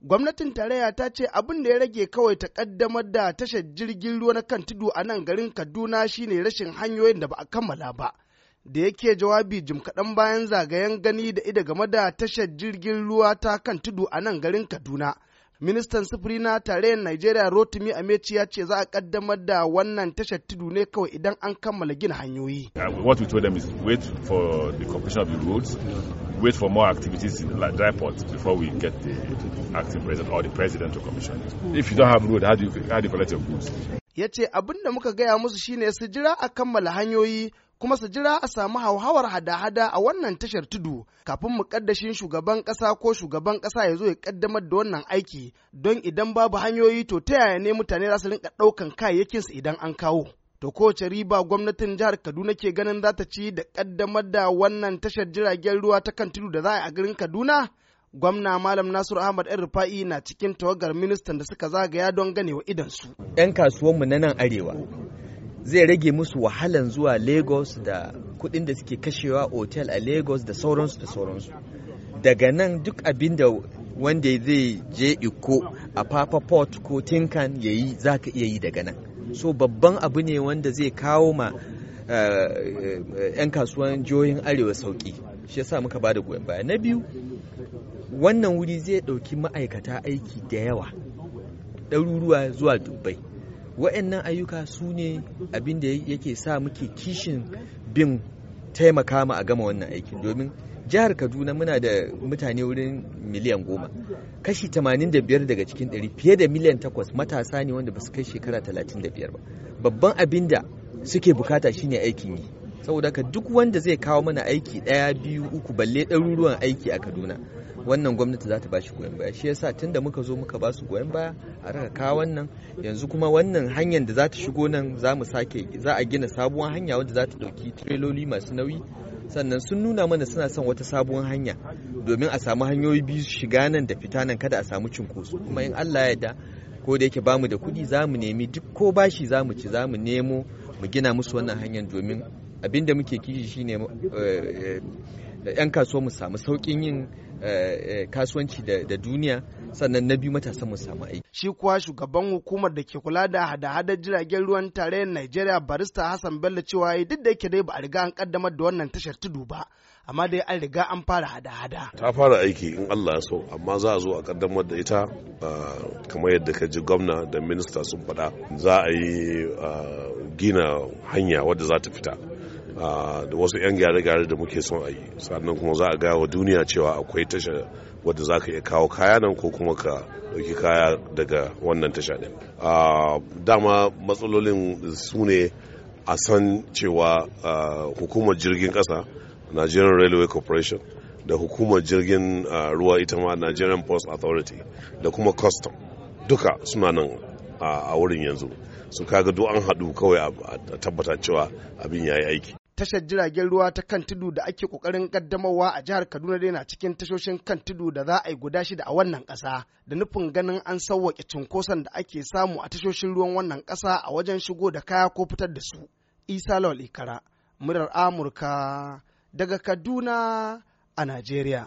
gwamnatin tarayya ta ce abin da ya rage kawai ta kaddamar da tashar jirgin ruwa na kan tudu a nan garin kaduna shine rashin hanyoyin da ba a kammala ba da yake jawabi jim kaɗan bayan zagayen gani da ida game da tashar jirgin ruwa ta kan tudu a nan garin kaduna ministan sufuri na tarayyar Najeriya Rotimi Amechi ya ce za a kaddamar da wannan tashar tudu ne kawai idan an kammala gina hanyoyi. Uh, what we told them is wait for the completion of the roads, wait for more activities in like dry ports before we get the acting president or the president to commission. If you don't have road, how do you, how do you collect your goods? Ya ce abin da muka gaya musu shine su jira a kammala hanyoyi kuma su jira a samu hauhawar hada-hada a wannan tashar tudu kafin mu kaddashin shugaban ƙasa ko shugaban kasa ya zo ya kaddamar da wannan aiki don idan babu hanyoyi to ta yaya ne mutane za su rinka ɗaukan su idan an kawo. To kowace riba gwamnatin jihar Kaduna ke ganin za ta ci da kaddamar da wannan tashar jiragen ruwa ta kan tudu da za a garin Kaduna? Gwamna Malam Nasiru Ahmad yan Rufa'i na cikin tawagar ministan da suka zagaya don ganewa idansu. 'Yan kasuwanmu na nan arewa zai rage musu wahalan zuwa lagos da kudin da suke kashewa otel a lagos da sauransu da sauransu daga nan duk abin da wanda zai je iko a papa port ko tinkan ya yi za ka iya yi daga nan so babban abu ne wanda zai kawo ma eh, eh, 'yan kasuwan jihohin arewa sauki shi yasa muka ba da goyon baya na biyu wannan wuri zai ɗauki ma'aikata aiki da yawa ɗaruruwa zuwa dubai wa'annan ayyuka su ne abin da yake sa muke kishin bin taimaka mu a gama wannan aikin domin jihar kaduna muna da mutane wurin miliyan goma kashi 85 daga cikin 100 fiye da miliyan 8 matasa ne wanda ba su kai shekara 35 ba babban abin da suke bukata shine aikin yi saboda ka duk wanda zai kawo mana aiki ɗaya biyu uku balle ɗaruruwan aiki a kaduna wannan gwamnati za ta bashi goyon baya shi ya sa tun da muka zo muka ba su goyon baya a raka kawo wannan yanzu kuma wannan hanyar da za ta shigo nan za mu sake za a gina sabuwar hanya wanda za ta ɗauki tireloli masu nauyi sannan sun nuna mana suna son wata sabuwar hanya domin a samu hanyoyi biyu shiga nan da fita nan kada a samu cinkoso kuma in Allah ya yarda ko da yake bamu da kuɗi za mu nemi duk ko bashi za mu ci za mu nemo mu gina musu wannan hanyar domin abinda muke kishi shine eh, eh, 'yan kasuwa mu samu saukin yin eh, eh, kasuwanci da duniya sannan na biyu matasan mu samu aiki. Shi kuwa shugaban hukumar da ke kula da hada-hadar jiragen ruwan tarayyar Najeriya barista Hassan Bello cewa duk da yake dai ba a riga an kaddamar da wannan tashar tudu ba amma dai an riga an fara hada-hada. Ta fara aiki in Allah ya so amma za a zo a kaddamar da ita ah, kamar yadda ka ji gwamna da minista sun faɗa za a yi ah, gina hanya wadda za ta fita da wasu 'yan gyare-gyare da muke son a yi sannan kuma za a gaya wa duniya cewa akwai tasha wadda za ka iya kawo kaya nan ko kuma ka ɗauki kaya daga wannan tasha ɗin dama matsalolin su ne a san cewa hukumar jirgin ƙasa nigerian railway corporation da hukumar jirgin ruwa ita ma nigerian post authority da kuma custom duka suna nan a wurin yanzu su kaga duk an haɗu kawai a tabbata cewa abin ya yi aiki tashar jiragen ruwa ta kan tudu da ake kokarin kaddamarwa a jihar Kaduna dai na cikin tashoshin kan tudu da za a yi guda shida a wannan ƙasa da nufin ganin an sauwaƙe cunkoson da ake samu a tashoshin ruwan wannan ƙasa a wajen shigo da kaya ko fitar da su. Isa Lawal Ikara, murar Amurka daga Kaduna a Najeriya.